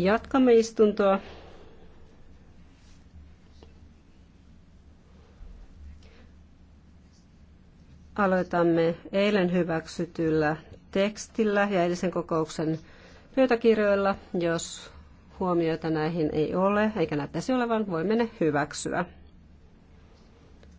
Jatkamme istuntoa. Aloitamme eilen hyväksytyllä tekstillä ja edellisen kokouksen pöytäkirjoilla. Jos huomioita näihin ei ole, eikä näyttäisi olevan, voimme ne hyväksyä.